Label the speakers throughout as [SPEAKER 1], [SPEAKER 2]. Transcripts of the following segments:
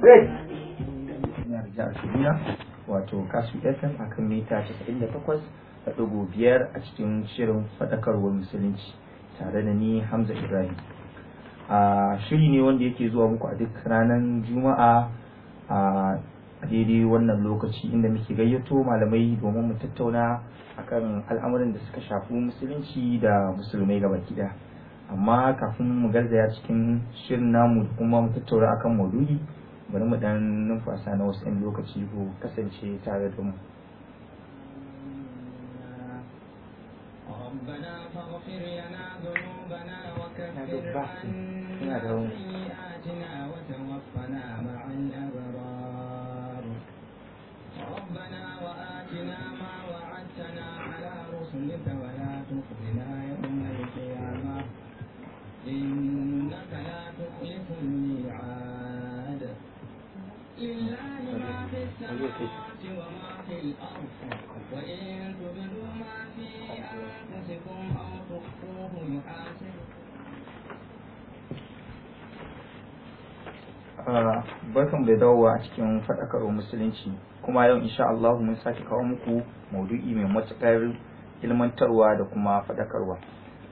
[SPEAKER 1] jihar Kaduna wato kasu FM akan mita 98.5 a cikin shirin faɗakarwar musulunci tare da ni Hamza Ibrahim. A shiri ne wanda yake zuwa muku a duk ranar Juma'a a daidai wannan lokaci inda muke gayyato malamai domin mu tattauna akan al'amuran da suka shafi musulunci da musulmai gaba ɗaya. Amma kafin mu garzaya cikin shirin namu da kuma mu tattauna akan maudu'i bari mu dan numfasa na wasu 'yan lokaci ko kasance tare da mu
[SPEAKER 2] ربنا وآتنا ما وعدتنا على رسلك
[SPEAKER 1] Ah, barkan da dawowa a cikin faɗakarwar musulunci kuma yau insha Allah mun sake kawo muku maudu'i mai matuƙar ilmantarwa da kuma faɗakarwa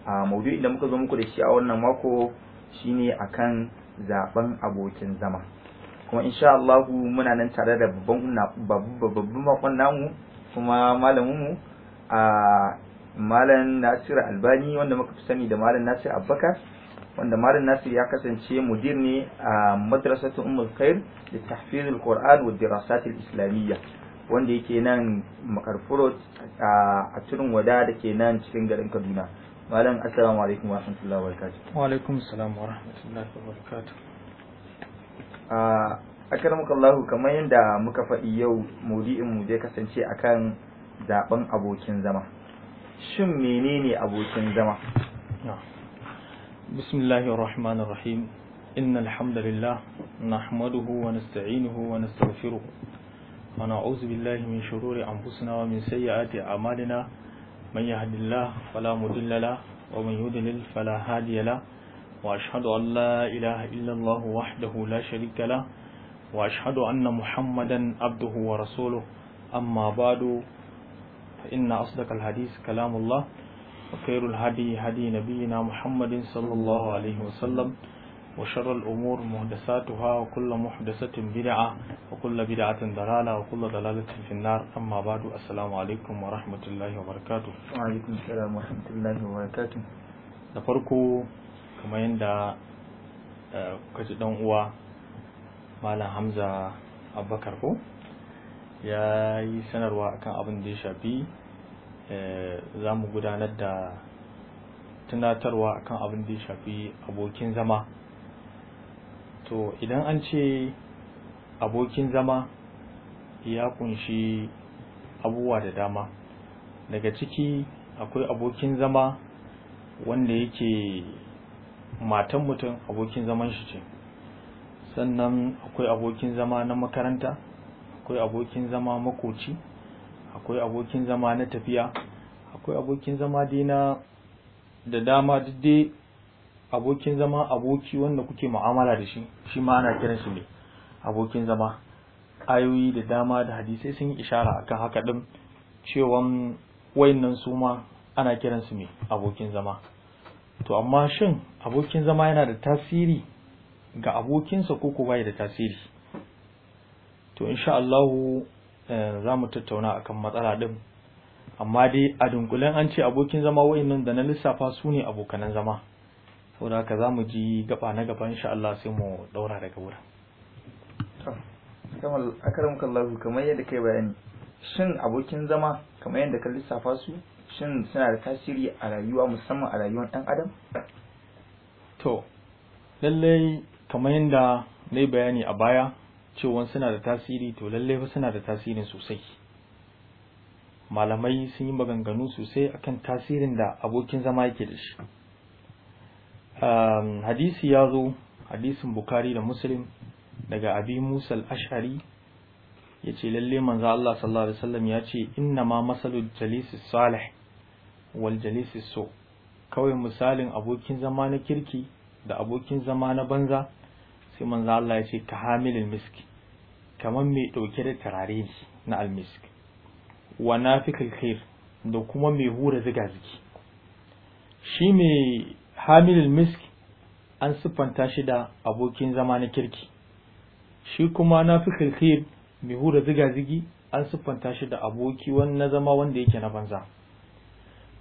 [SPEAKER 1] a ah, maudu'i da muka zo muku da shi a wannan mako shine akan zaben abokin zama kuma insha Allah muna nan tare da babban babban makon namu kuma malamin mu a malam Nasir Albani wanda muka fi sani da malam Nasir Abbakar wanda malam Nasir ya kasance mudir ne a madrasatu Ummul Khair da tahfizul Qur'an wa dirasat islamiyya wanda yake nan makarfuro a turin wada da ke nan cikin garin Kaduna malam assalamu alaikum wa rahmatullahi wa barakatuh
[SPEAKER 3] wa alaikum assalam wa rahmatullahi wa barakatuh
[SPEAKER 1] a akramakallahu kamar yadda muka faɗi yau mudi'in mu zai kasance akan zaben abokin zama shin menene abokin zama
[SPEAKER 3] bismillahir rahmanir rahim innal hamdalillah nahmaduhu wa nasta'inuhu wa nastaghfiruh wa na'udzu billahi min shururi anfusina wa min sayyiati a'malina man yahdihillahu fala mudilla lahu wa man yudlil fala hadiya lahu وأشهد أن لا إله إلا الله وحده لا شريك له وأشهد أن محمدا عبده ورسوله أما بعد فإن أصدق الحديث كلام الله وخير الهدي هدي نبينا محمد صلى الله عليه وسلم وشر الأمور محدثاتها وكل محدثة بدعة وكل بدعة ضلالة وكل ضلالة في النار أما بعد السلام عليكم ورحمة الله وبركاته وعليكم السلام ورحمة الله وبركاته da farko kamar yadda eh, kaji dan uwa malam hamza abubakar ko ya yi sanarwa akan abin da ya shafi eh, za mu gudanar da tunatarwa akan abin da ya shafi abokin zama to idan an ce abokin zama ya kunshi abubuwa da dama daga ciki akwai abokin zama wanda yake matan mutum abokin zaman shi ce sannan akwai abokin zama na makaranta akwai abokin zama makoci akwai abokin zama na tafiya akwai abokin zama dina da dama duk dai abokin zama aboki wanda kuke mu'amala da shi shi ma ana kiran shi ne abokin zama ayoyi da dama da hadisai sun yi ishara akan haka din cewa wayannan su ma ana kiransu ne abokin zama to amma shin abokin zama yana da tasiri ga abokinsa ko ko bai da tasiri to insha Allah eh, za mu tattauna akan matsala din amma dai a dunkulen an ce abokin zama wayannan da na lissafa su ne abokanan zama saboda haka za mu ji gaba na gaba insha Allah sai mu daura daga wurin
[SPEAKER 1] to kamar Allah kamar yadda kai bayani shin abokin zama kamar yadda ka lissafa su shin suna da tasiri a rayuwa musamman a rayuwar ɗan adam
[SPEAKER 3] to lallai kamar yadda na yi bayani a baya cewa suna da tasiri to lallai fa suna da tasiri sosai malamai sun yi maganganu sosai akan tasirin da abokin zama yake da shi hadisi ya zo hadisin bukari da muslim daga abi musal ashari Ya ce lalle manzo Allah sallallahu alaihi wasallam ya ce inna ma masalul jalisi salih wal jalisi su kawai misalin abokin zama na kirki da abokin zama na banza sai manzo Allah ya ce ka hamilil Misk kaman mai dauke da turare na almisk wa nafikil khair da kuma mai hura zigazigi shi mai hamilul misk an siffanta shi da abokin zama na kirki shi kuma nafikil khair mai hura zigazigi an siffanta shi da aboki na zama wanda yake na banza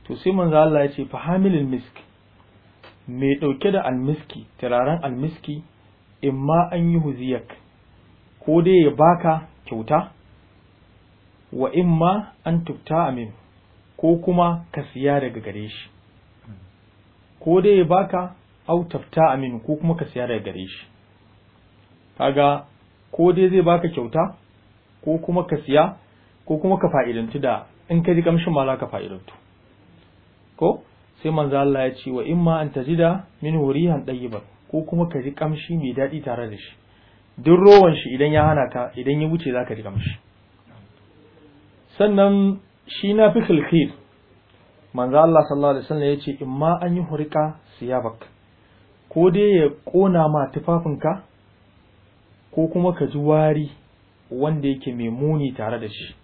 [SPEAKER 3] to sai manzo Allah ya ce fa hamilul misk mai dauke da almiski turaren almiski imma an yi huziyak ko dai ya baka kyauta wa imma an tufta amin ko kuma ka siya daga gare shi ko dai ya baka au tafta amin ko kuma ka siya daga gare shi kaga ko dai zai baka kyauta ko kuma ka siya ko kuma ka fa'idantu da in ka ji kamshin ma za ka fa'idantu ko sai manzo Allah ya ce wa in ma an tajida min hurihan ba ko kuma ka ji kamshi mai daɗi tare da shi duk rowan shi idan ya hana ka idan ya wuce za ka ji kamshi sannan shi na fi filfil, manzo Allah sallallahu alaihi wasallam ya ce in ma an yi hurika bak, ko dai ya ƙona ma tufafinka ko kuma ka ji wari wanda yake mai muni tare da shi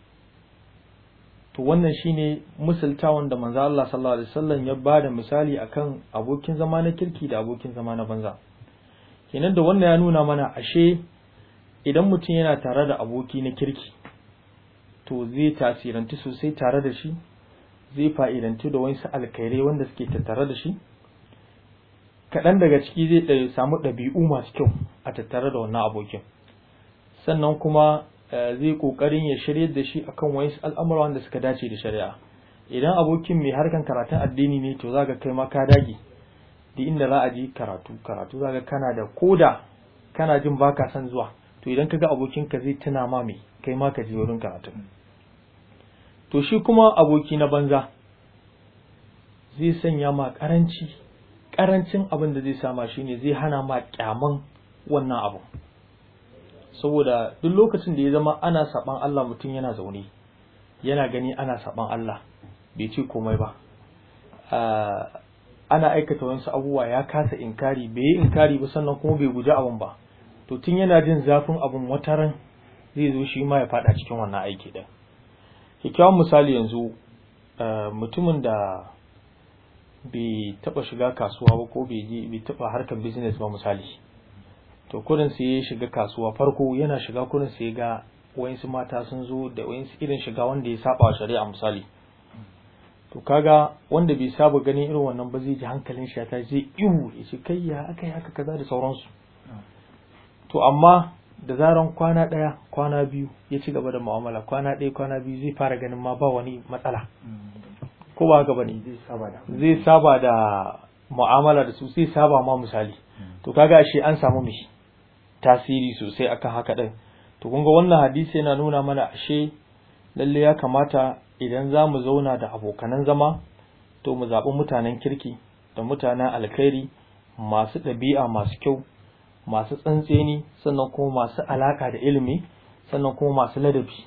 [SPEAKER 3] to wannan shine musulta wanda manzo Allah sallallahu alaihi wasallam ya bada misali akan abokin zama na kirki da abokin zama na banza kenan da wannan ya nuna mana ashe idan mutum yana tare da aboki na kirki to zai tasiranti sosai tare da shi zai fa'idanci da wasu alkhairai wanda suke tattare da shi kaɗan daga ciki zai samu ɗabi'u masu kyau a tattare da wannan abokin sannan kuma eh, zai kokarin ya shiryar da shi akan wasu al'amura wanda suka dace da shari'a idan abokin mai harkan karatun addini ne to zaka kai ma ka dage duk inda za a ji karatu karatu zaka kana da koda kana jin baka san zuwa to idan kaga abokinka zai tuna ma mai kai ma ka je wurin karatu to shi kuma aboki na banza zai sanya ma karanci karancin abin da zai sama shine zai hana ma kyaman wannan abu saboda duk lokacin da ya zama ana saɓan Allah mutum yana zaune yana gani ana saban Allah bai ce komai ba ah, ana aikata wasu abubuwa ya kasa inkari bai yi inkari ba sannan kuma bai guji abin ba to tun yana jin zafin abin wataran zai zo shi ma ya fada cikin wannan aiki din kyakkyawan misali yanzu ah, mutumin da bai taba shiga kasuwa ba ko bai taba harkar business ba misali to kurin sai ya shiga kasuwa farko yana shiga kurin sai ga wayansu mata sun zo da wayansu irin shiga wanda ya saba wa shari'a misali to kaga wanda bai saba ganin irin wannan ba zai ji hankalin shi ya zai ihu ya ce kai ya aka yi haka kaza da sauransu to amma da zaran kwana ɗaya kwana biyu ya ci gaba da mu'amala kwana ɗaya kwana biyu zai fara ganin ma ba wani matsala ko ba haka bane zai saba da mu'amala da su sai saba ma misali to kaga ashe an samu mishi tasiri sosai akan haka din to kun ga wannan hadisi yana nuna mana ashe lalle ya kamata idan za mu zauna da abokanan zama to mu zaɓi mutanen kirki da mutanen alkhairi masu ɗabi'a masu kyau masu tsantseni sannan kuma masu alaka da ilimi sannan kuma masu ladabi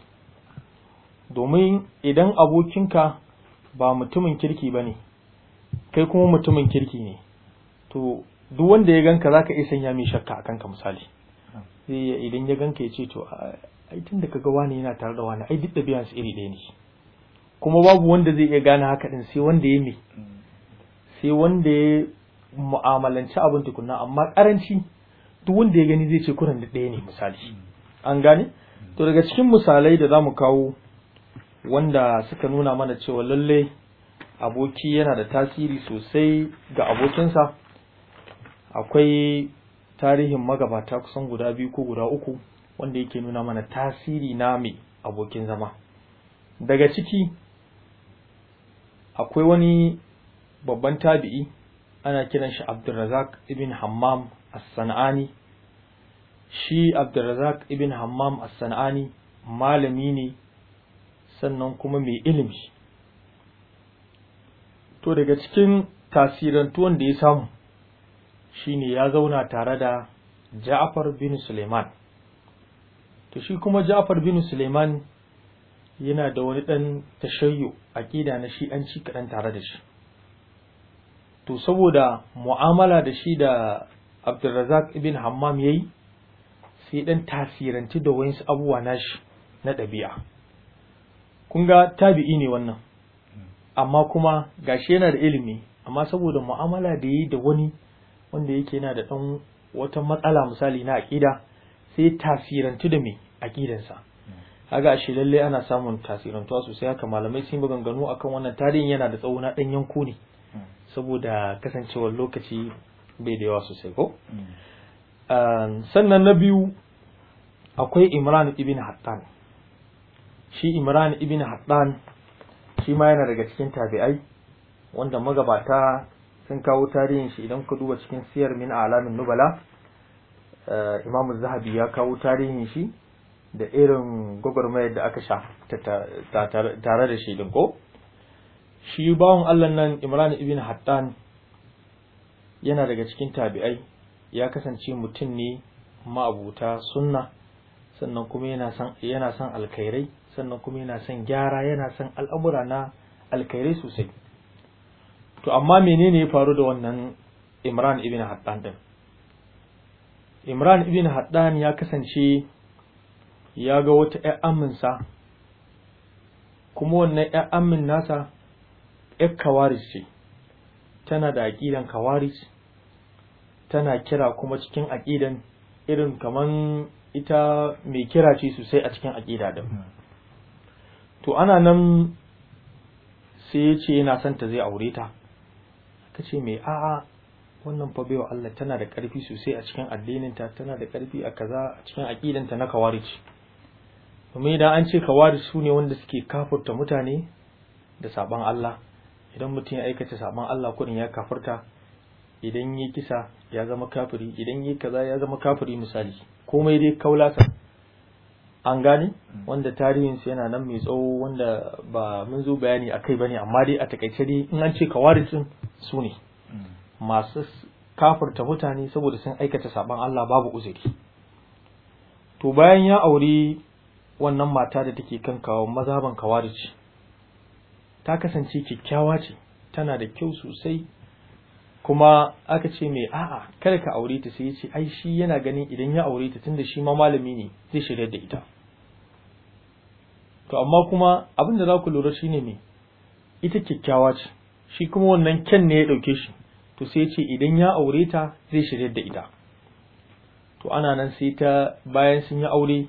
[SPEAKER 3] domin idan abokinka ba mutumin kirki ba ne kai kuma mutumin kirki ne to duk wanda ya ganka zaka iya sanya mai shakka a kanka misali sai idan ya ganka ya ce to ai tun da kaga wani yana tare da wani ai duk da biyan su iri ɗaya ne kuma babu wanda zai iya gane haka din sai wanda ya me sai wanda ya mu'amalanci abin tukunna amma karanci duk wanda ya gani zai ce kuran da ɗaya ne misali an gane to daga cikin misalai da zamu kawo wanda suka nuna mana cewa lalle aboki yana da tasiri sosai ga abokinsa akwai tarihin magabata kusan guda biyu ko guda uku wanda yake nuna mana tasiri na mai abokin zama daga ciki akwai wani babban tabi'i ana kiran shi Abdulrazak ibn Hammam As-San'ani shi Abdulrazak ibn Hammam As-San'ani malami ne sannan kuma mai ilimi to daga cikin tasirantuwan da ya samu shine ya zauna tare da Ja'far bin Suleiman to shi kuma Ja'far bin Suleiman yana da wani dan tashayyu aqida na shi'anci kaɗan tare da shi to saboda mu'amala da shi da Abdulrazak ibn Hammam yayi sai dan tasiranci da wayansu abuwa nashi na ɗabi'a kun ga tabi'i ne wannan hmm. amma kuma gashi yana da ilimi amma saboda mu'amala da yi da wani wanda yake yana da ɗan wata matsala misali na aƙida sai tasirantu da mai aƙidansa haga shi lalle ana samun tasirantuwa sosai haka malamai sun maganganu akan wannan tarihin yana da tsawo na ɗan yanko ne saboda kasancewar lokaci bai da yawa sosai ko ehm, sannan na biyu akwai imran ibn hattan shi imran ibn hattan shi ma yana daga cikin tabi'ai wanda magabata sun kawo tarihin shi idan ka duba cikin siyar min alamin nubala eh, imam zahabi ya kawo tarihin shi da irin gwagwarmayar da aka sha tare da shi ko shi bawon Allah nan Imran ibn Hattan yana daga cikin tabi'ai ya kasance mutum ne ma'abuta sunna sannan kuma yana son yana alkhairai sannan kuma yana son gyara yana son al'amura na alkhairai sosai to amma menene ya faru da wannan imran ibn haddan din imran ibn haddan ya kasance ya ga wata ‘yar aminsa kuma wannan ƴar amin nasa ‘yar kawaris ce tana da aƙidan kawaris tana kira kuma cikin aƙidan irin kaman ita mai kira ce sosai a cikin aƙida din hmm. to ana nan sai ya ce yana son ta zai aure ta ta ce mai a'a wannan fa baiwa Allah tana da ƙarfi sosai a cikin addininta tana da ƙarfi a kaza a cikin aƙidanta na kawarij domin idan an ce kawarij su ne wanda suke kafurta mutane da saban Allah idan mutum ya aikata sabon Allah kurin ya kafurta idan ya kisa ya zama kafiri idan ya kaza ya zama kafiri misali komai dai kaulasa an gani mm. wanda tarihinsu yana nan mai tsawo wanda ba mun zo bayani a kai bane amma dai a takaice dai in an ce kawarisun su ne mm. masu kafurta mutane saboda sun aikata saban Allah babu uzuri to bayan ya auri wannan mata da take kan kawo mazaban kawarici ta kasance kyakkyawa ce tana da kyau sosai kuma aka ce mai a'a kada ka aure ta sai ya ce ai shi yana ganin idan ya aure ta tunda shi ma malami ne zai shirya da ita to amma kuma abin da za ku lura shine me ita kyakkyawa ce shi kuma wannan kyan ne ya ɗauke shi to sai ce idan ya aure ta zai shirya da ita to ana nan sai ta bayan sun yi aure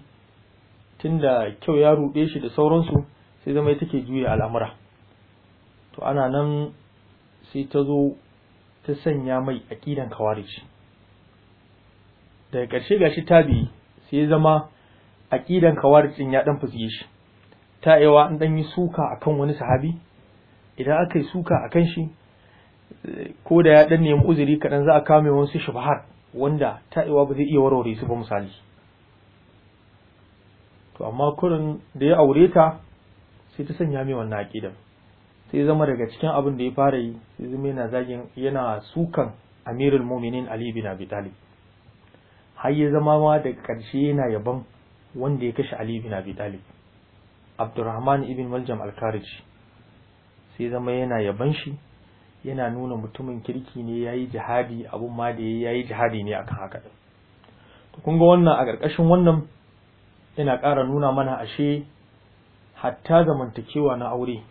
[SPEAKER 3] tunda kyau ya ruɗe shi da sauransu sai zama take juya al'amura to ana nan sai ta zo ta sanya mai aƙidan kawarici daga ƙarshe gashi tabi sai zama aƙidan kawaricin ya ɗan fusge shi ta an dan yi suka akan wani sahabi idan aka yi suka akan shi ko da ya dan nemi uzuri kaɗan za a kame wasu shubahar wanda ta ba zai iya warware su ba misali to amma kurin da ya aure ta sai ta sanya mai wannan aƙidar sai zama daga cikin abin da ya fara yi sai zama yana zagin yana sukan amirul muminin ali bin abi talib har ya zama ma daga karshe yana yabon wanda ya kashe ali bin abi talib abdurrahman ibn waljam alkariji sai zama yana yaban shi yana nuna mutumin kirki ne yayi jihadi abun ma da yayi jihadi ne akan haka to kun ga wannan a ƙarƙashin wannan yana ƙara nuna mana ashe hatta zamantakewa na aure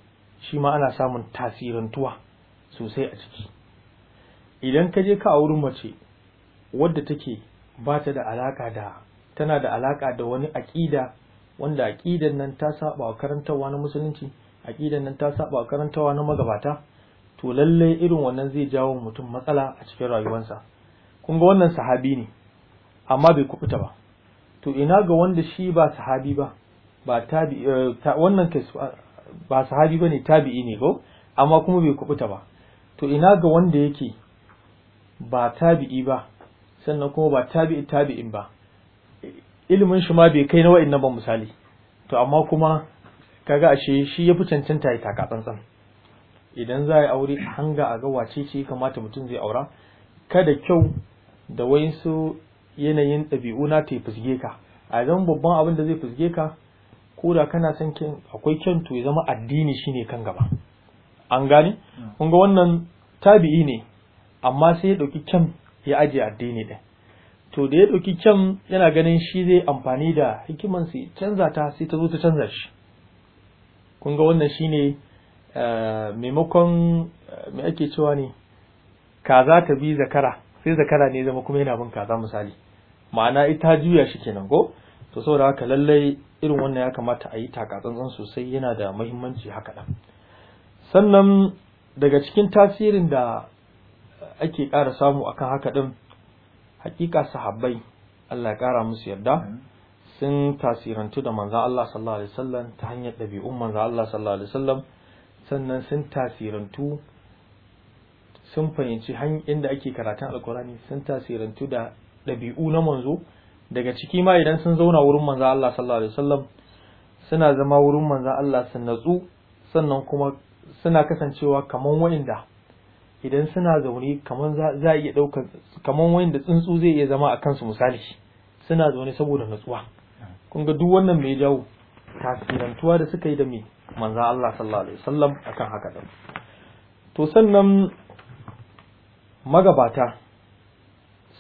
[SPEAKER 3] shi ma ana samun tasirin tuwa sosai a ciki idan ka je ka auri mace wadda take ba ta da alaka da tana da alaka da wani aƙida wanda aqidar nan ta saba wa karantawa na musulunci aqidar nan ta saba wa karantawa na magabata to lalle irin wannan zai jawo mutum matsala a cikin rayuwarsa kun ga wannan sahabi ne amma bai kubuta ba to ina ga wanda shi ba sahabi ba ba tabi eh, wannan kai ba sahabi bane tabi'i ne ko amma kuma bai kubuta ba to ina ga wanda yake ba tabi'i ba sannan kuma ba tabi'i tabi'in ba ilimin shi ma bai kai na wa'annan ba misali to amma kuma kaga ashe shi ya fi cancanta ya taka tsantsan idan za a yi aure hanga a ga wace ce kamata mutum zai aura kada kyau da wayansu yanayin ɗabi'u na ta fusge ka a zama babban abin da zai fusge ka ko da kana son kyan akwai kyan to ya zama addini shine kan gaba an gane hmm. kun wannan tabi'i ne amma sai ya ɗauki kyan ya ajiye addini ɗin to da ya ɗauki kyan yana ganin shi zai amfani da hikiman sai canza ta sai ta zo ta canza shi kun ga wannan shi ne, eh, maimakon eh, me ake cewa ne kaza ta bi zakara sai zakara ne zama kuma yana bin kaza misali ma'ana ita juya shi kenan ko to saboda haka lallai irin wannan ya kamata a yi takatsantsan sosai yana da mahimmanci haka nan sannan daga cikin tasirin da ake ƙara samu akan haka ɗin hakika sahabbai Allah ya kara musu yarda hmm. sun tasirantu da manzo Allah sallallahu alaihi wasallam ta hanyar ɗabi'un manzo Allah sallallahu alaihi wasallam sannan sun tasirantu sun fahimci inda ake karatun alkurani sun tasirantu da ɗabi'u na manzo daga ciki ma idan sun zauna wurin manzo Allah sallallahu alaihi wasallam suna zama wurin manzo Allah sun natsu sannan kuma suna kasancewa kaman wa'inda idan suna zaune kaman za a iya daukar kaman wanda tsuntsu zai iya zama a kansu misali suna zaune saboda natsuwa kun ga duk wannan mai jawo tasirantuwa da suka yi da mai manzan Allah sallallahu alaihi wasallam akan haka din to sannan magabata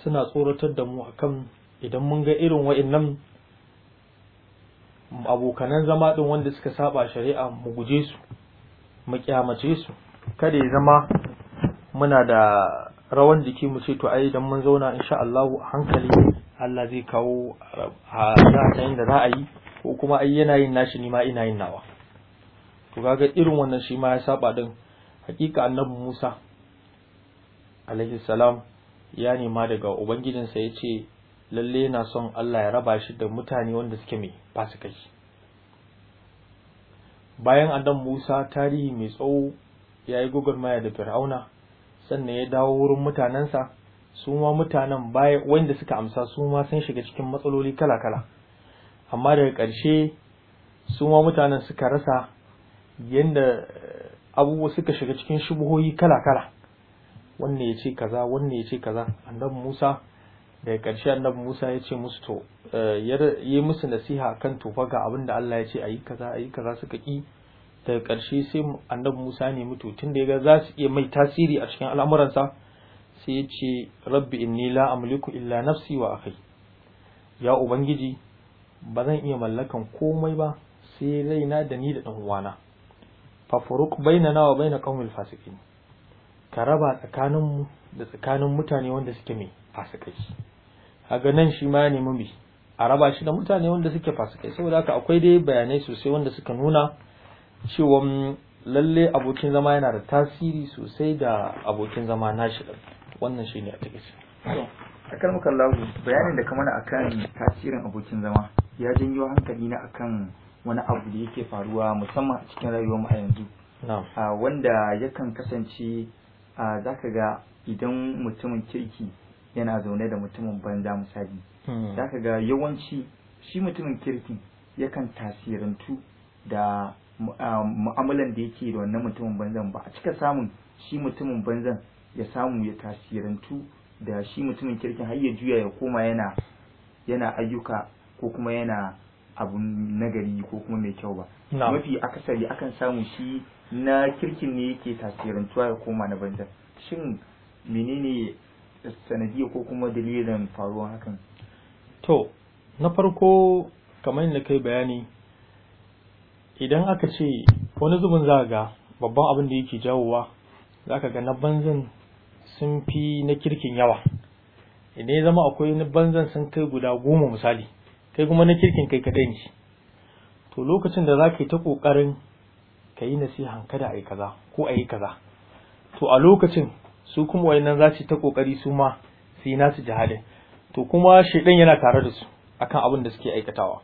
[SPEAKER 3] suna tsoratar da mu akan idan mun ga irin wa'annan abokanan zama din wanda suka saba shari'a mu guje su mu kyamace su kada ya zama muna da rawan jiki mu ce to ai idan mun zauna insha Allah hankali Allah zai kawo a za da za a yi ko kuma ai yana yin nashi ni ma ina yin nawa to kaga irin wannan shi ma ya saba din hakika annabi Musa alaihi salam ya nema daga ubangijinsa ya ce lalle yana son Allah ya raba shi da mutane wanda suke mai fasikai bayan annabi Musa tarihi mai tsawo yayi yi maya da Fir'auna sannan ya dawo wurin mutanensa su ma mutanen baya wanda suka amsa su ma sun shiga cikin matsaloli kala-kala amma daga ƙarshe su ma mutanen suka rasa yadda eh, abubuwa suka shiga cikin shubuhoyi kala-kala wannan ya ce kaza wannan ya ce kaza annabi Musa daga ƙarshe annabi Musa ya ce musu to eh, ya yi musu nasiha kan tofa ga abin da Allah ya ce ayi kaza ayi kaza suka ki daga ƙarshe sai annabi Musa ne mutu tun da ya ga za su iya mai tasiri a cikin al'amuransa sai ya ce rabbi inni la amliku illa nafsi wa akhi ya ubangiji ba zan iya mallakan komai ba sai raina da ni da dan uwana fa furuq bainana wa baina qaumil fasiqin ka raba tsakanin mu da tsakanin mutane wanda suke mai fasikai Haga nan shi ma ne mu a raba shi da mutane wanda suke fasikai saboda haka akwai dai bayanai sosai wanda suka nuna cewa lalle abokin zama yana da tasiri sosai da abokin zama nashi wannan shi ne a takaice
[SPEAKER 1] a kan muka lagu bayanin da kamar akan tasirin abokin zama ya janyo hankali na akan wani abu da yake faruwa musamman a cikin rayuwar mu a yanzu wanda yakan kasance zaka ga idan mutumin kirki yana zaune da mutumin banza misali hmm. zaka ga yawanci shi mutumin kirki yakan tasirantu da Ah, mu'amalan da yake da wannan mutumin banzan ba a cika samun shi mutumin banzan ya samu ya tasirantu da shi mutumin kirkin har ya juya ya koma yana yana ayyuka ko kuma yana abu nagari ko kuma mai kyau ba mafi akasari akan samu shi na kirkin ne yake tasirantuwa ya koma na banzan shin menene
[SPEAKER 3] sanadiyya ko kuma dalilin faruwar hakan to na farko kamar yadda kai bayani idan aka ce wani zubin za ga babban abin da yake jawowa za ka ga na banzan sun fi na kirkin yawa idan ya zama akwai na banzan sun kai guda goma misali kai kuma na kirkin kai kaɗai ne to lokacin da za ka yi ta ƙoƙarin ka yi nasihan kada a yi kaza ko a yi kaza to a lokacin su kuma wayannan za su ta ƙoƙari su ma su yi nasu jihadin to kuma shaidan yana tare da su akan abin da suke aikatawa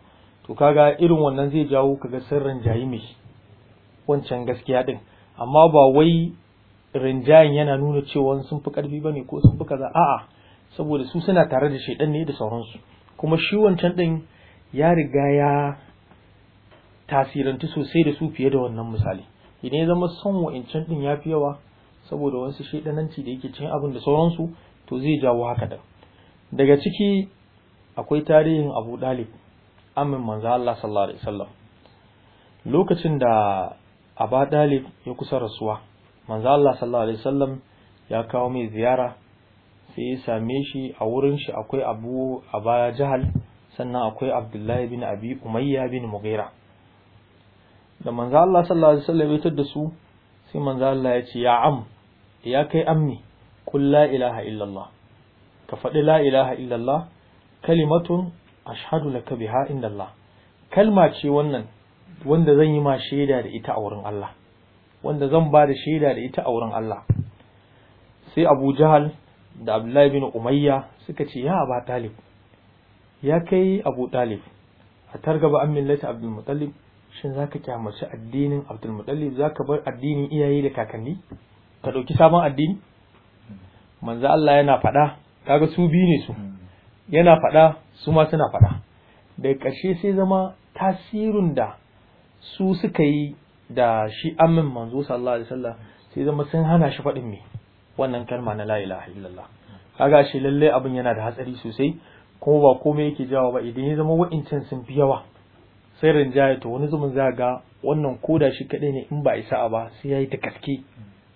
[SPEAKER 3] to kaga irin wannan zai jawo kaga sirrin jayi mai wancan gaskiya din amma ba wai rinjayen yana nuna cewa sun fi karfi bane ko sun fi kaza a'a saboda su suna tare da shaidan ne da sauransu kuma shi wancan din ya riga ya tasirantu sosai da su fiye da wannan misali idan ya zama son wa'incan din ya fi yawa saboda wasu shaidananci da yake cin abin da sauransu to zai jawo haka da daga ciki akwai tarihin abu dalib amin manzo Allah sallallahu alaihi wasallam lokacin da Aba Dalib ya kusa rasuwa manzo Allah sallallahu alaihi wasallam ya kawo mai ziyara sai ya same shi a wurin shi akwai Abu Aba Jahal sannan akwai Abdullahi bin Abi Umayya bin Mughira da manzo Allah sallallahu alaihi wasallam ya tada su sai manzo Allah ya ce ya am ya kai ammi kul la ilaha illallah ka faɗi la ilaha illallah kalimatun ashhadu laka biha inda Allah kalma ce wannan wanda zan yi ma shaida da ita a wurin Allah wanda zan ba da shaida da ita a wurin Allah sai Abu Jahal da Abdullahi bin Umayya suka ce ya Aba Talib ya kai Abu Talib a targaba an millata Abdul Muttalib shin zaka kyamaci addinin Abdul Muttalib zaka bar addinin iyaye da kakanni ka dauki sabon addini manzo Allah yana faɗa kaga su bi ne su hmm. yana faɗa su ma suna faɗa Da ƙarshe sai zama tasirin da su suka yi da shi amin manzo sallallahu alaihi wasallam sai zama sun hana shi faɗin me wannan kalma na la ilaha illallah kaga shi lalle abin yana da hatsari sosai kuma ba komai yake jawo ba idan ya zama wa'incin sun fi yawa sai rinjaye to wani zumun za ga wannan koda shi kaɗai ne in ba isa ba sai ya yi ta kaske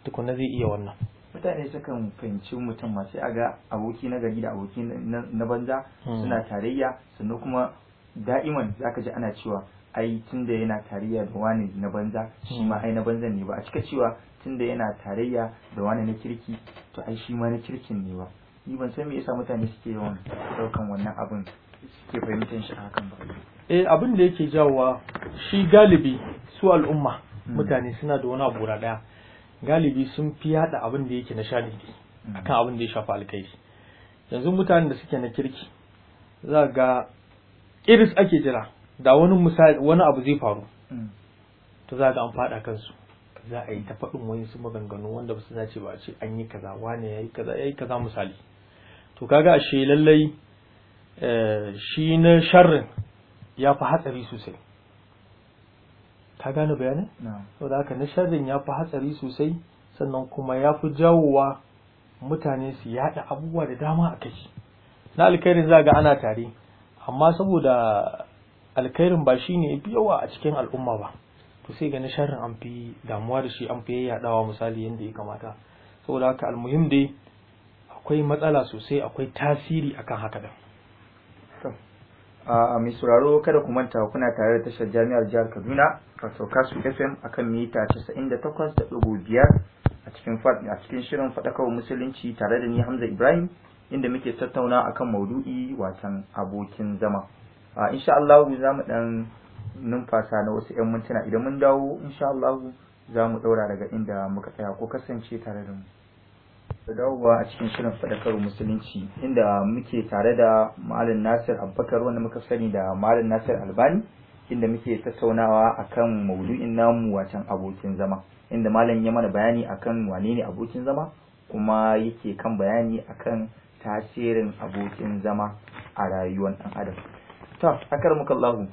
[SPEAKER 3] tukuna zai iya wannan
[SPEAKER 1] mutane sukan fahimci mutum ma sai a ga aboki na gari da aboki na banza hmm. suna tarayya sannan kuma da'iman zaka ji ana cewa ai tunda yana tarayya da wani na banza shi ma hmm. ai na banza ne ba a cika cewa tunda yana tarayya da wani na kirki to ai shi ma na kirkin ne ba
[SPEAKER 3] ni ban san me yasa mutane suke yawan daukan wannan abin suke fahimtar shi a hakan ba eh abin da yake jawowa shi galibi su al'umma hmm. mutane suna da wani abu guda daya galibi sun fi yada abin da yake na sharidi hmm. akan abin da ya shafa alkhairi yanzu mutanen da suke na kirki za ga iris ake jira da wani misali wani abu zai faru hmm. to za ga an fada kansu za a yi ta faɗin wani su maganganu wanda ba su zace ba ce an yi kaza wane ya yi kaza ya yi kaza misali to kaga ashe lallai eh, shi na sharrin ya fi hatsari sosai ka gane bayanin saboda haka na sharrin ya fi hatsari sosai sannan kuma ya fi jawowa mutane su yaɗa abubuwa da dama a kai na alkhairin za ga ana tare amma saboda alkhairin ba shine yafi yawa a cikin al'umma ba to sai ga na sharrin an fi damuwa da shi an fi yaɗawa misali yadda ya kamata saboda haka almuhim dai akwai matsala sosai akwai tasiri akan haka da
[SPEAKER 1] a mai sauraro kada ku manta kuna tare da tashar jami'ar jihar kaduna wato kasu fm akan mita 98.5 a cikin a cikin shirin faɗakar musulunci tare da ni hamza ibrahim inda muke tattauna akan maudu'i watan abokin zama a insha Allah za mu dan numfasa na wasu 'yan mintuna idan mun dawo insha Allah za mu ɗaura daga inda muka tsaya ko kasance tare da mu da dawowa a cikin shirin faɗakar musulunci inda muke tare da malam nasir abbakar wanda muka sani da malam nasir albani inda muke tattaunawa akan maudu'in namu watan abokin zama inda malam ya mana bayani akan wane ne abokin zama kuma yake kan bayani akan tasirin abokin zama a rayuwar ɗan adam to akar muka lahu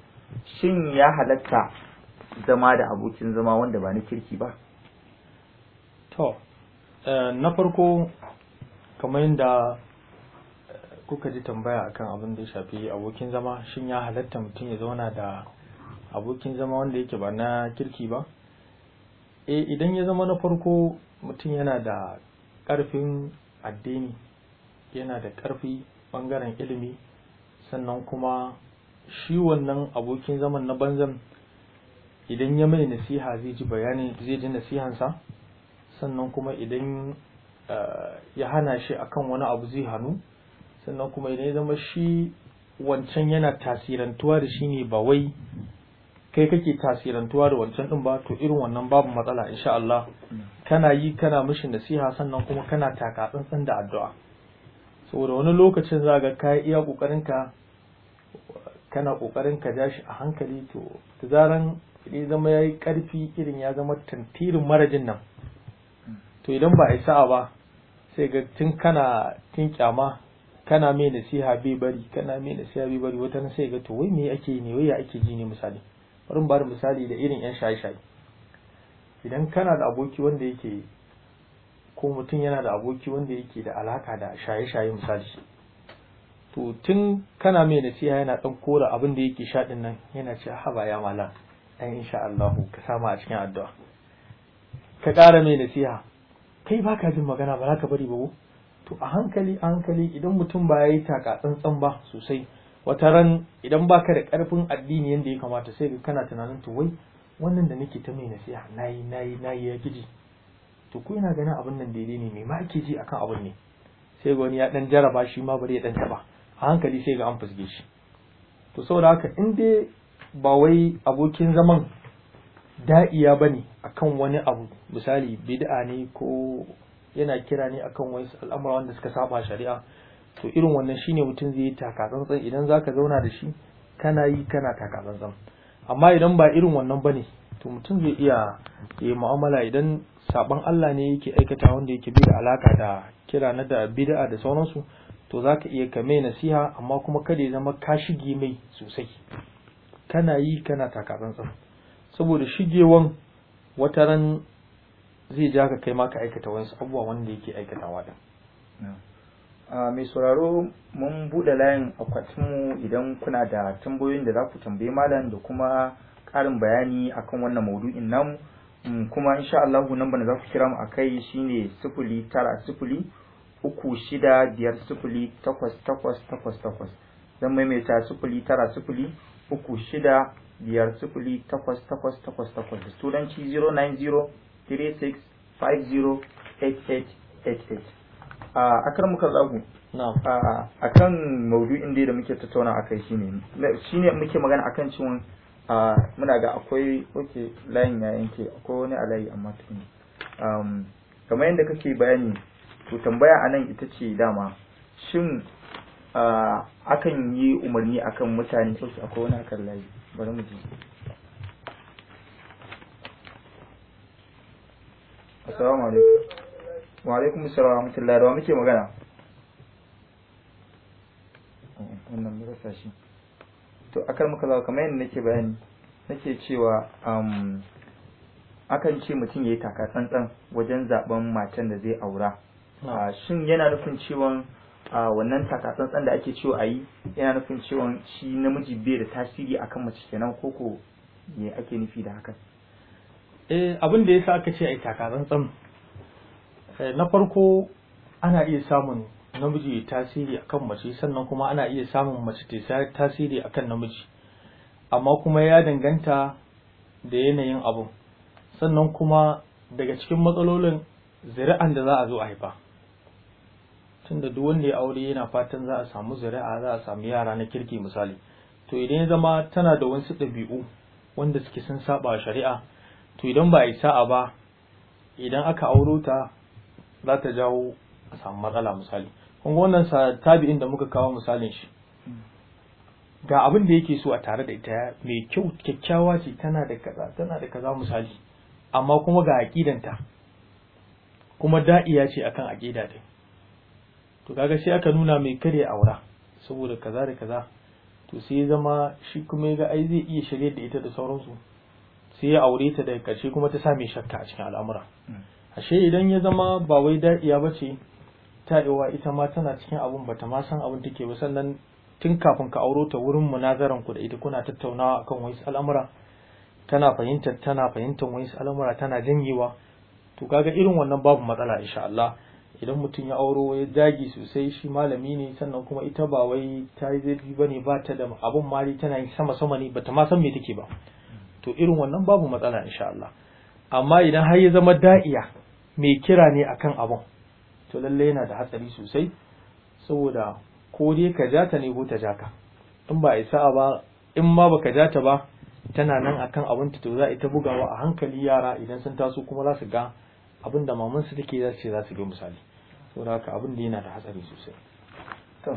[SPEAKER 1] shin ya halatta zama da abokin zama wanda ba na kirki ba
[SPEAKER 3] to Eh, na farko kamar yadda eh, kuka ji tambaya akan abin da ya shafi abokin zama shin ya halatta mutum ya zauna da abokin zama wanda yake ba na kirki ba e idan ya zama na farko mutum yana da ƙarfin addini yana da ƙarfi ɓangaren ilimi sannan kuma shi wannan abokin zaman na banzan idan ya mai nasiha zai ji bayanin zai ji nasihansa sannan kuma idan eh, ya hana shi akan wani abu zai hannu sannan kuma idan ya zama shi wancan yana tasirantuwa da shi ne ba wai kai kake tasirantuwa da wancan din ba to irin wannan babu matsala insha Allah kana yi kana mishi nasiha sannan kuma kana taka tsantsan da addu'a saboda wani lokacin za ga kai iya kokarin ka kana kokarin ka ja shi a hankali to da zaran ya zama yayi karfi irin ya zama tantirin marajin nan to idan ba a yi sa'a ba sai ga tun kana tun kyama kana mai nasiha bai bari kana mai nasiha bai bari wata sai ga to wai me ake yi ne wai ya ake ji ne misali bari bari misali da irin yan shaye-shaye idan kana da aboki wanda yake ko mutum yana da aboki wanda yake da alaka da shaye-shaye misali to tun kana mai nasiha yana dan kora abin da yake sha nan yana ce haba ya malam dan insha Allah ka sama a cikin addu'a ka ƙara mai nasiha kai baka jin magana ba za ka bari ba to a hankali a hankali idan mutum ba ya yi taka tsantsan ba sosai wata ran idan baka da karfin addini yanda ya kamata sai kana tunanin to wai wannan da nake ta mai nasiha nayi nayi nayi ya kiji to ku yana ganin abin nan daidai ne me ma ake ji akan abin ne sai ga wani ya dan jaraba shi ma bari ya dan taba a hankali sai ga an fusge shi to saboda haka in dai ba wai abokin zaman da'iya bane akan wani abu misali bid'a ne ko yana kira ne akan wasu al'amura wanda suka saba shari'a to irin wannan shine mutum zai yi takatsantsan idan zaka zauna da shi kana yi kana takatsantsan amma idan ba irin wannan bane to mutum zai iya yi mu'amala idan saban Allah ne yake aikata wanda yake bi da alaka da kira na da bid'a da sauransu to zaka iya ka mai nasiha amma kuma kada ya zama ka shige mai sosai kana yi kana takatsantsan saboda shigewan wata ran zai ja ka kai maka aikata wasu abubuwa wanda yake aikatawa din
[SPEAKER 1] ah, mai sauraro mun buɗe layin akwatinmu idan kuna da tambayoyin da za ku tambaye malam da kuma ƙarin bayani akan wannan maudu'in namu mm, kuma insha Allahu nan bana za ku kira mu akai shine sifili tara sifili uku shida biyar sifili takwas takwas takwas zan maimaita sifili tara sifili uku shida biyar sifili takwas takwas takwas takwas da turanci 09036508888 a akar muka zagu a kan maudu'in da muke tattauna a kai shine shine muke magana akan ciwon muna ga akwai oke layin ya yanke akwai wani alayi amma tukuni kamar yadda kake bayani to tambaya a nan ita ce dama shin akan yi umarni akan mutane akwai wani akan layi bari mu ji assalamu alaikum wa alaikum assalam wa rahmatullahi wa barakatuh magana wannan mu rasa shi to akan muka zo kamar yadda nake bayani nake cewa um, akan ce mutum yayi taka tsantsan wajen zaben matan da zai aura hmm. ah, shin yana nufin cewa a wannan takatsantsan da ake cewa ayi yana nufin cewa shi namiji bai da tasiri
[SPEAKER 3] akan mace kenan koko me ake nufi da hakan? eh abin da yasa aka ce ai takatsantsan eh, na farko ana iya samun namiji ya tasiri akan mace sannan kuma ana iya samun mace ta tasiri akan namiji amma kuma ya danganta da yanayin abu sannan kuma daga cikin matsalolin zira'an da za a zo a haifa tunda duk wanda ya aure yana fatan za a samu zuri'a za a samu yara na kirki misali to idan ya zama tana da wasu ɗabi'u wanda suke sun saba shari'a to idan ba a sa'a ba idan aka auro ta za ta jawo a samu matsala misali kun ga wannan tabi'in da muka kawo misalin shi ga abin da yake so a tare da ita mai kyau kyakkyawa ce tana da kaza tana da kaza misali amma kuma ga aƙidanta kuma da'iya ce akan aƙida din to kaga sai aka nuna mai kare aura saboda kaza da kaza to sai ya zama shi kuma ya ga ai zai iya shirye da ita da sauransu sai ya aure ta daga ƙarshe kuma ta sa mai shakka a cikin al'amura hmm. ashe idan ya zama ba wai daɗiya ba ce ta iwa ita ma tana cikin abun bata ma san abun take ba sannan tun kafin ka auro ta wurin munazaran ku da ita kuna tattaunawa akan wasu al'amura tana fahimtar tana fahimtar wasu al'amura tana janyewa to kaga irin wannan babu matsala insha Allah idan mutum ya auro ya dage sosai shi malami ne sannan kuma ita ba wai ta yi zurfi ba ne ba ta da abun mari tana yin sama sama ne ba ta ma san me take ba to irin wannan babu matsala insha Allah amma idan har ya zama da'iya mai kira ne akan abun to lalle yana da hatsari sosai saboda ko dai ka ja ta ne ko ta ja ka in ba isa ba in ma baka ja ta ba tana nan akan abin ta to za a ita bugawa a hankali yara idan sun taso kuma za su ga abin da mamansu take za su ce za su ga misali saboda haka abin da yana da hatsari sosai
[SPEAKER 1] to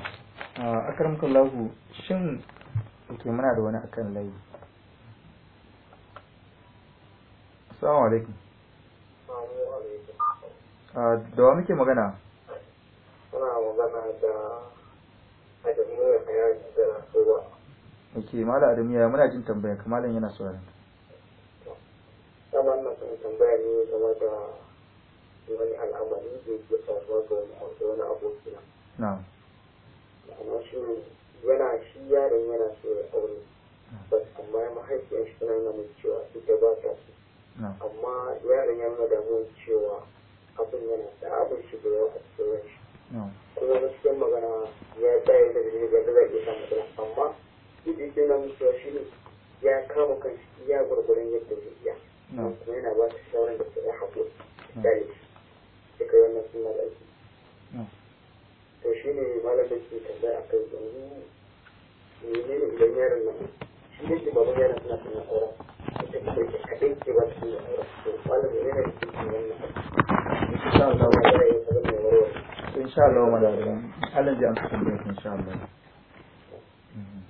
[SPEAKER 1] a akramkum lahu shin ke muna da wani akan layi assalamu alaikum da wa muke magana
[SPEAKER 4] muna magana da adamu ya kaya da soba
[SPEAKER 1] ok mala adamu ya muna jin tambaya kamalin yana sauraron
[SPEAKER 4] ta wannan tambaya ne game da cikin wani al'amari da yake faruwa ga wani abokina. Amma shi yana shi yaron yana so ya aure. Bas amma ya mahaifiyar shi tana nuna cewa ita ba ta
[SPEAKER 2] so.
[SPEAKER 4] Amma yaron ya nuna damuwar cewa abin yana da abin shi da yawa a cikin ran shi. Kuma gaskiyar magana ya tsaye da jirgin da zai iya samu amma duk da yake na mutuwa shi ne ya kama kan shi ya gwargwaron yadda zai iya. kuma yana ba su shawarar da su ya haƙuri. Dalil. ya kai wannan suna aiki to shi ne malam da ke tambaya a kai yanzu ne ne idan yaron nan shi ne ke baban yaron suna suna aura ita kuma ke kaɗai ke ba su aura to malam ne ne ke cikin
[SPEAKER 1] wannan insha Allah insha Allah malam Allah ji an tambaye insha Allah mm-hmm.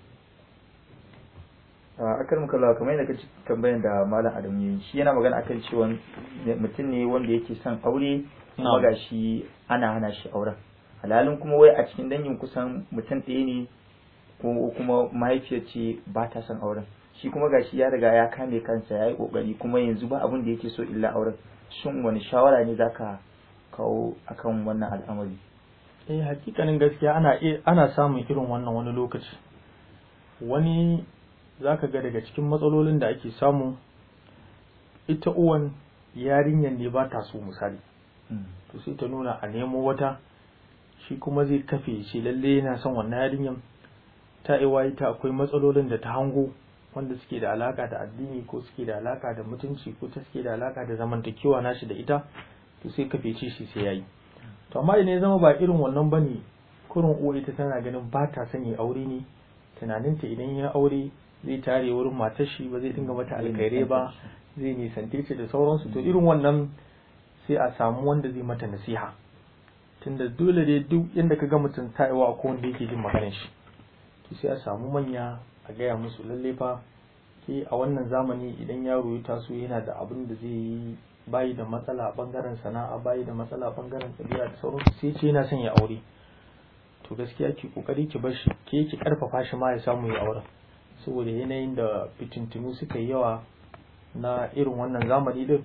[SPEAKER 1] ah, akan mukalla kamar yadda kace tambayan da malam Adam yi shi yana magana akan cewa mutum ne wanda yake son aure kuma ga shi ana hana shi auren halalin kuma wai a cikin dangin kusan mutum ɗaya ne ko kuma mahaifiyar ce ba ta son auren shi kuma ga shi ya riga ya kame kansa ya yi kokari kuma yanzu ba abin da yake so illa auren shin wani shawara ne za ka kawo akan wannan al'amari
[SPEAKER 3] eh hakikanin gaskiya ana ana samun irin wannan wani lokaci wani zaka ga daga cikin matsalolin da ake samu ita uwan yarinyar ne ba ta so misali to sai ta nuna a nemo wata shi kuma zai kafe shi lalle yana son wannan yarinyar ta iwayi ta akwai matsalolin da ta hango wanda suke da alaka da addini ko suke da alaka da mutunci ko ta suke da alaka da zamantakewa nashi da ita to sai kafe ce shi sai yayi to amma idan ya zama ba irin wannan bane kurin uwa ita tana ganin ba ta sanya aure ne tunaninta idan ya aure zai tare wurin matar shi ba zai dinga mata alkhairi ba zai nisante da sauransu to irin wannan sai a samu wanda zai mata nasiha tunda dole dai duk inda ka ga mutum ta yi wa ko wanda yake jin maganar shi to sai a samu manya a gaya musu lalle fa ke a wannan zamani idan yaro ya taso yana da abin da zai yi bayi da matsala a bangaren sana'a bayi da matsala a bangaren tabiya da sauran sai ce yana son ya aure to gaskiya ki kokari ki bar shi ke ki karfafa shi ma ya samu ya aure saboda yanayin da fitintunu suka yi yawa na irin wannan zamani din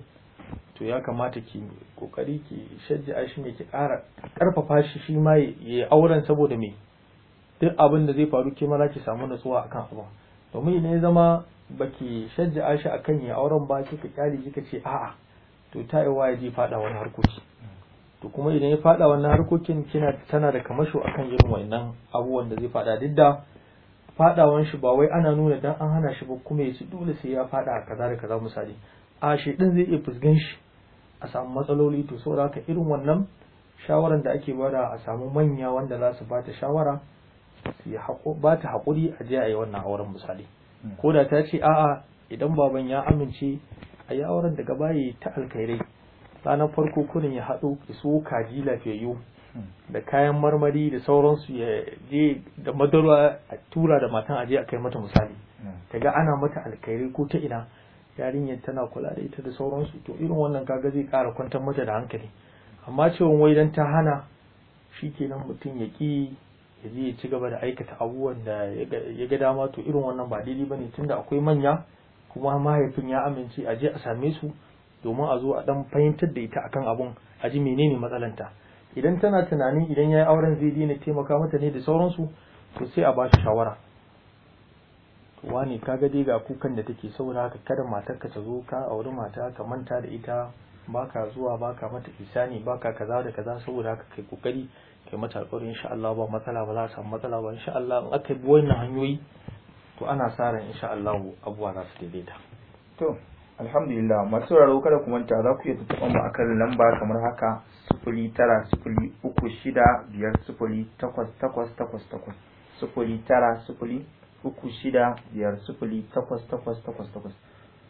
[SPEAKER 3] to ya kamata ki kokari ki shajja shi ne ki ƙara ƙarfafa shi shi ma ya auren saboda me duk abin da zai faru ke mana ki samu nutsuwa akan abu domin ne ya zama baki shajja shi akan ya auren ba kika kyale ka ce a'a to ta yi ya je faɗa wani harkoki to kuma idan ya faɗa wannan harkokin kina tana da kamasho akan irin wannan abubuwan da zai faɗa duk da faɗawan shi ba wai ana nuna dan an hana shi ba kuma ya ci dole sai ya faɗa a kaza da kaza misali a shi din zai iya fusgan shi a samu matsaloli to saboda haka irin wannan shawaran da ake bada a samu manya wanda za su bata shawara su yi bata haƙuri a je a yi wannan auren misali hmm. ko da ta ce a'a idan baban ya amince a yi auren daga baya ta alkairai ranar farko kunin ya haɗu ki so kaji lafiyayyu hmm. da kayan marmari da sauransu ya je da madara a tura da matan aje a kai mata misali hmm. ta ga ana mata alkairai ko ta ina yarinyar tana kula da ita da sauransu to irin wannan kaga zai kara kwantar mata da hankali amma cewa wai dan ta hana shi nan mutum ya ki ya je ya ci gaba da aikata abubuwan da ya ga dama to irin wannan ba daidai ba tun tunda akwai manya kuma mahaifin ya amince a je a same su domin a zo a dan fahimtar da ita akan abun a ji menene matsalanta idan tana tunanin idan ya yi auren zai daina taimaka mata ne da sauransu to sai a ba shi shawara wani ka ga dai ga kukan da take saboda haka kada matarka ta zo ka auri mata ka manta da ita baka zuwa baka mata isani baka kaza da kaza saboda haka kai kokari kai mata alƙawari insha Allah ba matsala ba za a samu matsala ba insha Allah in aka bi wannan hanyoyi to ana sa ran insha Allah abuwa za su daidaita
[SPEAKER 1] to alhamdulillah masu sauraro kada ku manta za ku iya tuntuɓa mu akan lamba kamar haka sifili tara sifili uku shida biyar sifili takwas takwas takwas takwas sifili tara sifili uku shida biyar sufuli takwas takwas takwas takwas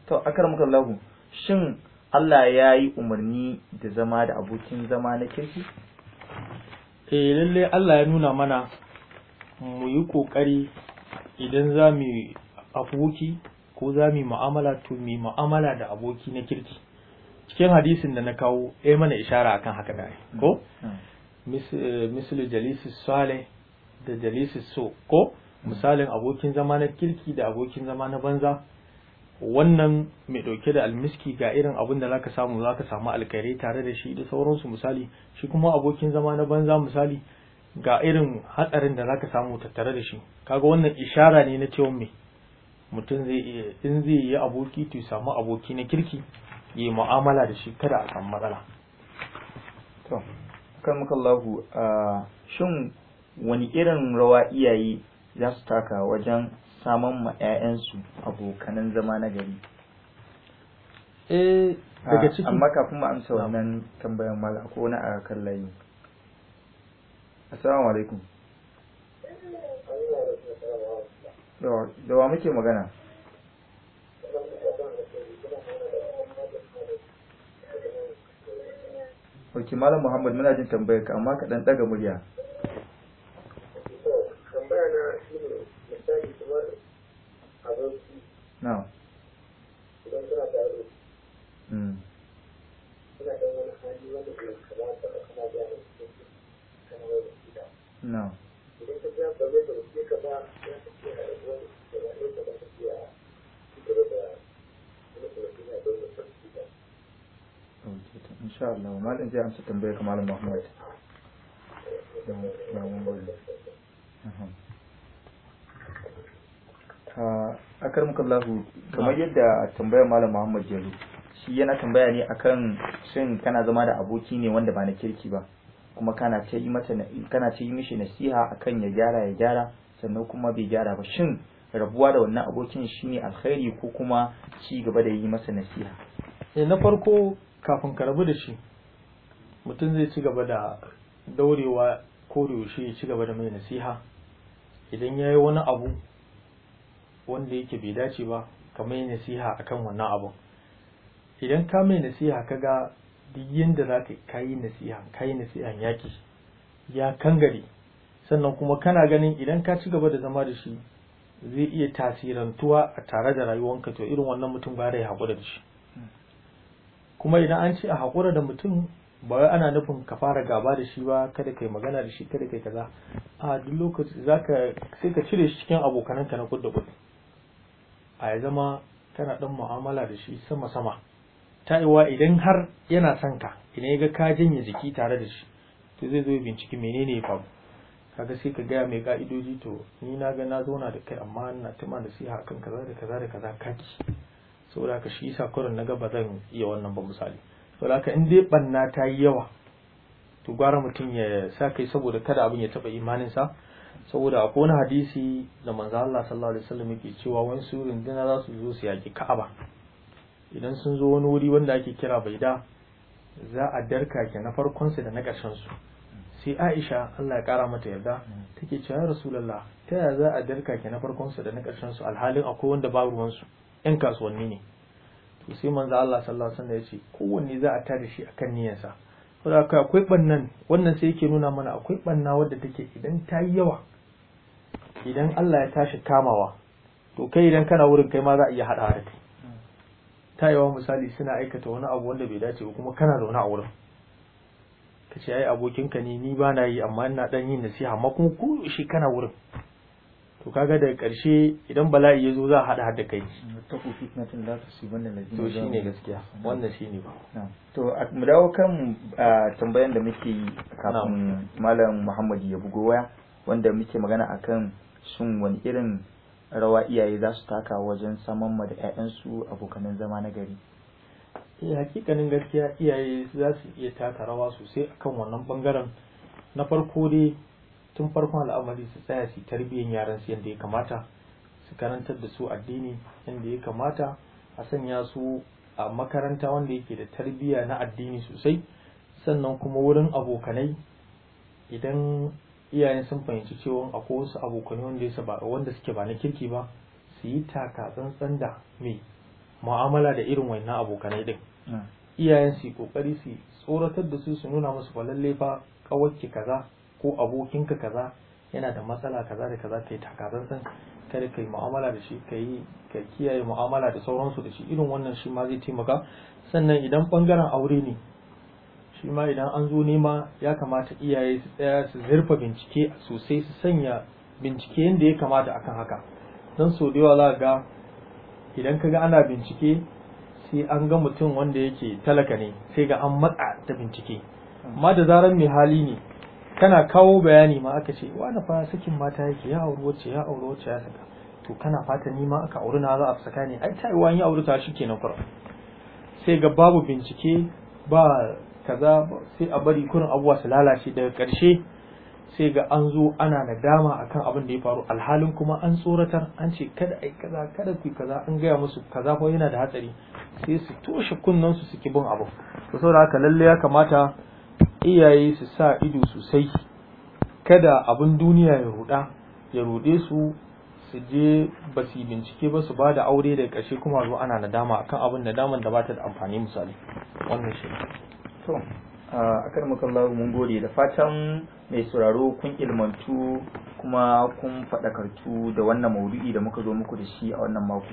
[SPEAKER 1] to a muka lagu shin Allah ya yi umarni da zama da abokin zama na kirki
[SPEAKER 3] eh lalle Allah ya nuna mana mu yi kokari idan za mu aboki ko za mu mu'amala to mu mu'amala da aboki na kirki cikin hadisin da na kawo ya mana ishara akan haka mm, mm. Eh, da ko misali jalisi sale da jalisi so ko misalin abokin zama na kirki da abokin zama na banza wannan mai dauke da almiski ga irin abin da zaka samu zaka samu alkhairi tare da shi da sauransu misali shi kuma abokin zama na banza misali ga irin hatsarin da zaka samu tattare da shi kaga wannan ishara ne na cewa me mutum zai iya in zai yi aboki to samu aboki na kirki yi mu'amala da shi kada a samu matsala
[SPEAKER 1] to kan mukallahu ah, shin wani irin rawa iyaye za su taka wajen saman ma 'ya'yansu abokanan zama na gari eh daga ciki amma kafin mu amsa wannan tambayar mala ko na a kan layi assalamu alaikum da wa muke magana Ok, Malam Muhammad muna jin tambayar ka amma ka ɗan ɗaga murya.
[SPEAKER 2] نعم امم نعم
[SPEAKER 1] ان شاء الله وما الانزاع امس تنبيهكم معلم محمود نعم akar muka lahu kamar yadda tambayar malam muhammad yanzu shi yana tambaya ne akan shin kana zama da aboki ne wanda ba na kirki ba kuma kana ta yi mishi nasiha akan ya gyara ya gyara sannan kuma bai gyara ba shin rabuwa da wannan abokin shine alkhairi ko kuma ci gaba da yi masa nasiha
[SPEAKER 3] eh na farko kafin ka rabu da shi mutum zai ci gaba da daurewa ko da yaushe ya ci gaba da mai nasiha idan ya yi wani abu wanda yake bai dace ba ka mai nasiha akan wannan abun idan ka mai nasiha ka ga duk yadda za ka yi nasiha ka yi nasiha yaki ya kangare sannan kuma kana ganin idan ka ci gaba da zama da shi zai iya tasirantuwa a tare da rayuwanka to irin wannan mutum ba da ya haƙura da shi kuma idan an ce a haƙura da mutum ba wai ana nufin ka fara gaba da shi ba kada kai magana da shi kada kai kaza a duk lokaci zaka sai ka cire shi cikin abokananka na kudda kudi a ya zama kana ɗan mu'amala da shi sama-sama ta iwa idan har yana son ka idan ya ga ka janye jiki tare da shi to zai zo ya binciki menene ya faru kaga sai ka gaya mai ka'idoji to ni na ga na zauna da kai amma na tuma da a kan kaza da kaza da kaza kaki saboda haka shi yasa kurin na ga ba zan iya wannan ba misali saboda haka in dai banna ta yi yawa to gwara mutum ya sa kai saboda kada abin ya taba imaninsa saboda akwai wani hadisi da manzo Allah sallallahu alaihi wasallam yake cewa wani surin dina za su zo su yaki Ka'aba idan sun zo wani wuri wanda ake kira Baida za a darka ke na farkon su da na ƙarshen su sai Aisha Allah ya kara mata yarda take cewa Rasulullah ta yaya za a darka ke na farkon su da na ƙarshen su alhalin akwai wanda ba ruwan su ƴan kasuwanni ne to sai manzo Allah sallallahu alaihi wasallam ya ce kowanne za a tada shi akan niyyarsa saboda akwai bannan wannan sai yake nuna mana akwai banna wadda take idan ta yi yawa idan Allah ya tashi kamawa to kai idan kana wurin kai ma za a iya haɗa da kai ta wa misali suna aikata wani abu wanda bai dace ba kuma kana zaune a wurin ka ce ai abokinka ne ni ba na yi amma ina dan yin nasiha amma kuma ko shi kana wurin to kaga daga ƙarshe idan bala'i ya zo za a haɗa da kai to shi ne gaskiya wannan shi ne ba
[SPEAKER 1] to a mu dawo kan tambayan da muke kafin malam muhammad ya bugo waya wanda muke magana akan sun wani irin rawa iyaye za su taka wajen saman ma da 'ya'yansu abokanan zama na gari
[SPEAKER 3] eh hakikanin gaskiya iyaye za su iya taka rawa sosai kan wannan bangaren na farko dai tun farkon al'amari su tsaya su tarbiyyar yaran su yadda ya kamata su karantar da su addini yadda ya kamata a sanya su a makaranta wanda yake da tarbiyya na addini sosai sannan kuma wurin abokanai idan iyayen sun fahimci cewa akwai wasu abokan wanda ya ba wanda suke ba na kirki ba su yi taka tsantsan da mai mu'amala da irin wannan abokanai din hmm. iyayen su yi kokari su tsoratar da su su nuna musu ba lalle ba kawarki kaza ko abokinka kaza yana da matsala kaza da kaza kai taka tsantsan kada kai mu'amala da shi kai ka kiyaye mu'amala da sauransu da shi irin wannan shi ma zai taimaka sannan idan bangaren aure ne shi ma idan an zo nema ya kamata iyaye su tsaya su zurfa bincike sosai su sanya bincike yadda ya kamata akan haka don so da yawa za ga idan ka ga ana bincike sai an ga mutum wanda yake talaka ne sai ga an matsa da bincike amma da zarar mai hali ne kana kawo bayani ma aka ce wani fa sakin mata yake ya auri wacce ya auri wacce ya saka to kana fata ni aka auri na za a saka ne ai ta yi wani auri ta shi kenan kura? sai ga babu bincike ba kaza sai a bari kurin abuwa su lalace daga ƙarshe sai ga an zo ana nadama akan abin da ya faru alhalin kuma an tsoratar an ce kada ai kaza kada ku kaza an gaya musu kaza ko yana da hatsari sai su toshe kunnen su suki bin abu to saboda haka lalle ya kamata iyaye su sa ido sosai kada abin duniya ya ruda ya rude su su je ba su bincike ba su ba da aure daga ƙarshe kuma zo ana nadama akan abin nadaman da ba ta da amfani misali wannan shi
[SPEAKER 1] to a kan mun gode da fatan mai sauraro kun ilmantu kuma kun faɗakartu da wannan maudu'i da muka zo muku da shi a wannan mako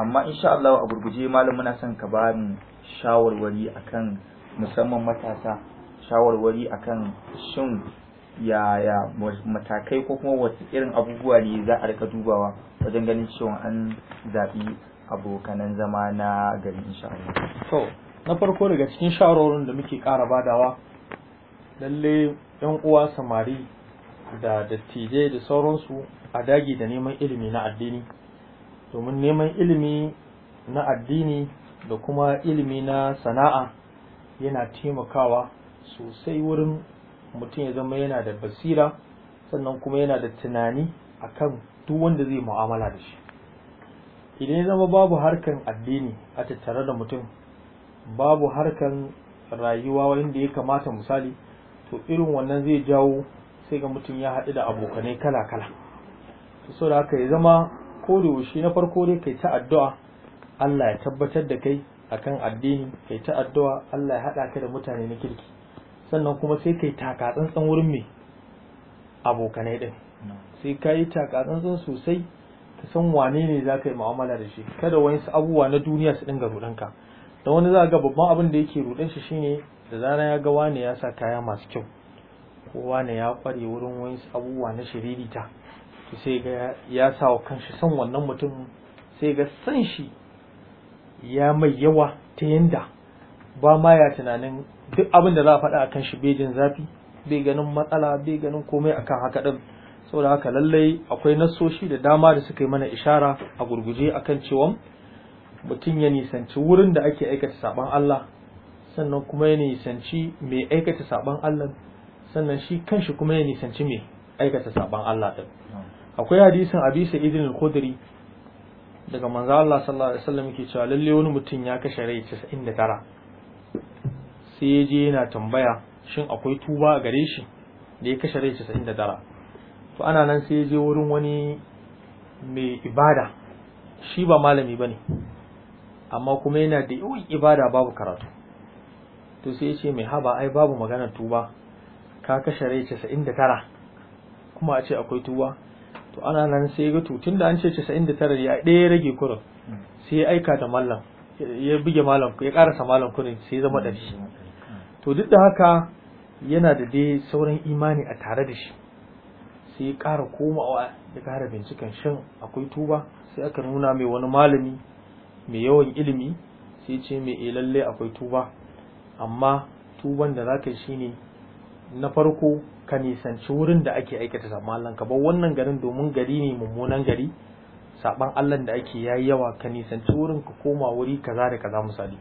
[SPEAKER 1] amma insha Allah a gurguje malam muna son ka ba mu shawarwari akan musamman matasa shawarwari akan shin yaya matakai ko kuma wasu irin abubuwa ne za a rika dubawa wajen ganin cewa an zaɓi abokanan zama na gari insha Allah.
[SPEAKER 3] na farko daga cikin shawarwarin da muke ƙara badawa lalle yan uwa samari da dattijai da sauransu a dage da neman ilimi na addini domin neman ilimi na addini da kuma ilimi na sana'a yana taimakawa sosai wurin mutum ya zama yana da basira sannan kuma yana da tunani akan duk wanda zai mu'amala da shi idan ya zama babu harkan addini a tattare da mutum babu harkan rayuwa wanda ya kamata misali to irin wannan zai jawo sai ga mutum ya haɗu da abokanai kala-kala to so da haka ya zama ko da yaushe na farko dai kai ta addu'a Allah ya tabbatar da kai akan addini kai ta addu'a Allah ya haɗa ka da mutane na kirki sannan kuma sai kai taka tsantsan wurin mai abokanai din sai ka yi taka tsantsan sosai ka san wane ne za ka yi mu'amala da shi kada wani abubuwa na duniya su dinga rudanka da wani za ga babban abin da yake ruɗe shi shine da zana ya ga wani ya sa kaya masu kyau ko wani ya kware wurin wani abubuwa na shiririta to sai ga ya sa wa kanshi son wannan mutum sai ga san shi ya mai yawa ta yanda ba ma ya tunanin duk abin da za a faɗa akan shi bejin zafi bai ganin matsala bai ganin komai akan haka din saboda haka lallai akwai nassoshi da dama da suka yi mana ishara a gurguje akan cewa mutum ya nisanci wurin da ake aikata saban Allah sannan kuma ya nisanci mai aikata saban Allah sannan shi kanshi kuma ya nisanci mai aikata saban Allah din akwai hadisin Abi Sa'id al-Khudri daga manzo Allah sallallahu alaihi wasallam yake cewa lalle wani mutum ya kashe rai 99 sai ya je yana tambaya shin akwai tuba a gare shi da ya kashe rai 99 to ana nan sai ya je wurin wani mai ibada shi ba malami bane amma kuma yana da yawan ibada babu karatu to sai ya ce mai haba ai babu maganar tuba ka kashe rai casa'in da tara kuma a ce akwai tuba to ana nan sai ga tutun da an ce casa'in da tara ya ɗaya rage kurin sai ya aika da mallam ya buge mallam ya karasa mallam kurin sai ya zama ɗari to duk da haka yana da dai sauran imani a tare da shi sai ya kara komawa ya kara binciken shin akwai tuba sai aka nuna mai wani malami mai yawan ilimi sai ce mai eh, akwai tuba amma tuban da zaka shi ne na farko ka nisanci wurin da ake aikata saban ka bar wannan garin domin gari ne mummunan gari saban Allah da ake yayi yawa ka nisanci wurin ka koma wuri kaza da kaza misali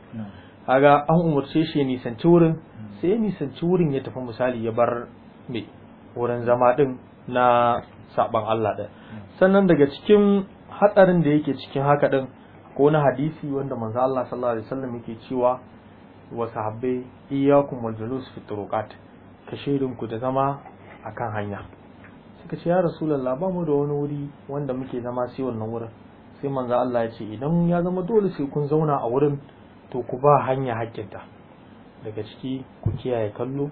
[SPEAKER 3] kaga an umarce shi ya nisanci wurin sai nisanci wurin ya tafi misali ya bar me wurin zama din na saban Allah din sannan daga cikin hatsarin da yake cikin haka din ko na hadisi wanda manzo Allah sallallahu alaihi wasallam yake cewa wa sahabbai iyyakum wal julus fi turuqat ka ku da zama akan hanya suka ce ya rasulullah ba mu da wani wuri wanda muke zama sai wannan wurin sai manzo Allah ya ce idan ya zama dole sai kun zauna a wurin to ku ba hanya hakkinta daga ciki ku kiyaye kallo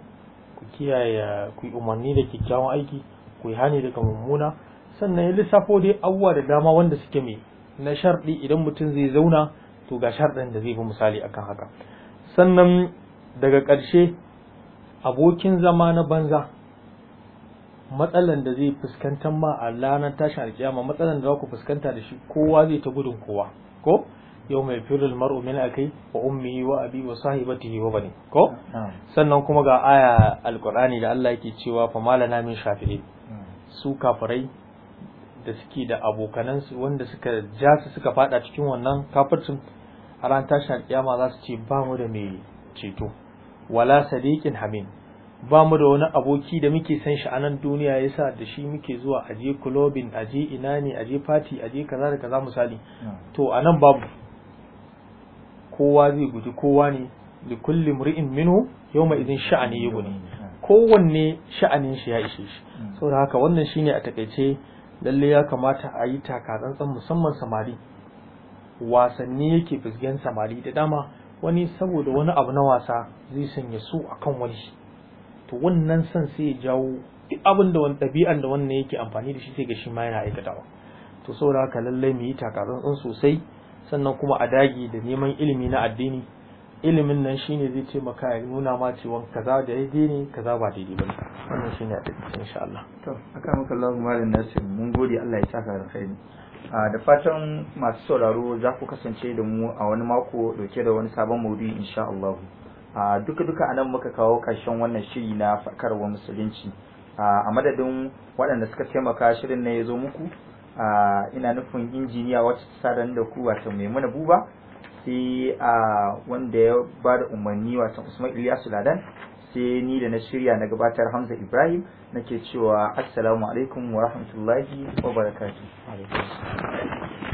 [SPEAKER 3] ku kiyaye ku umarni da kyakkyawan aiki ku yi hani daga mummuna sannan ya lissafo dai abubuwa da dama wanda suke mai na sharɗi idan mutum zai zauna to ga sharɗin da zai bi misali akan haka sannan daga ƙarshe abokin zama na banza matsalan da zai fuskantar ma a ranar tashin alkiyama matsalan da za ku fuskanta da shi kowa zai ta gudun kowa ko yau mai firul mar'u min akai wa ummihi wa abi wa sahibatihi wa bani ko sannan kuma ga aya alqur'ani da Allah yake cewa fa malana min shafi'in hmm. su kafirai da suke da abokanansu wanda suka ja su suka fada cikin wannan kafircin a ran tashin alkiyama za su ce ba mu da mai ceto wala sadiqin hamin ba mu da wani aboki da muke san shi a nan duniya yasa da shi muke zuwa aje clubin aje ina ne aje party aje kaza da kaza misali hmm. to a nan babu kowa zai guji kowa ne li kulli mri'in minhu yawma idin sha'ani yughni hmm. kowanne sha'anin shi ya ishe shi hmm. saboda haka wannan shine a takaice lalle ya kamata a yi takatsantsan musamman samari wasanni yake fisgen samari da dama wani saboda wani abu na wasa zai sanya su akan wani to wannan son sai ya jawo duk abin da wani ɗabi'an da wannan yake amfani da shi sai ga shi ma yana aikatawa to saboda haka lallai mu yi takatsantsan sosai sannan kuma a dage da neman ilimi na addini ilimin nan shine zai ce maka ya nuna ma cewa kaza da daidai ne kaza ba daidai ba wannan shine a cikin insha Allah to aka
[SPEAKER 1] maka Allahu malin nasi mun gode Allah ya saka da kai da fatan masu sauraro za ku kasance da mu a wani mako dauke da wani sabon maudu'i insha Allah a duka duka anan muka kawo karshen wannan shiri na fakarwa musulunci a madadin waɗanda suka taimaka shirin na ya zo muku ina nufin injiniya wacce ta sadar da ku wato Maimuna Buba sai a wanda ya ba da umarni wasan usman ilyasu ladan sai ni da na shirya na gabatar hamza ibrahim nake cewa assalamu alaikum wa rahmatullahi wa
[SPEAKER 2] barakatuh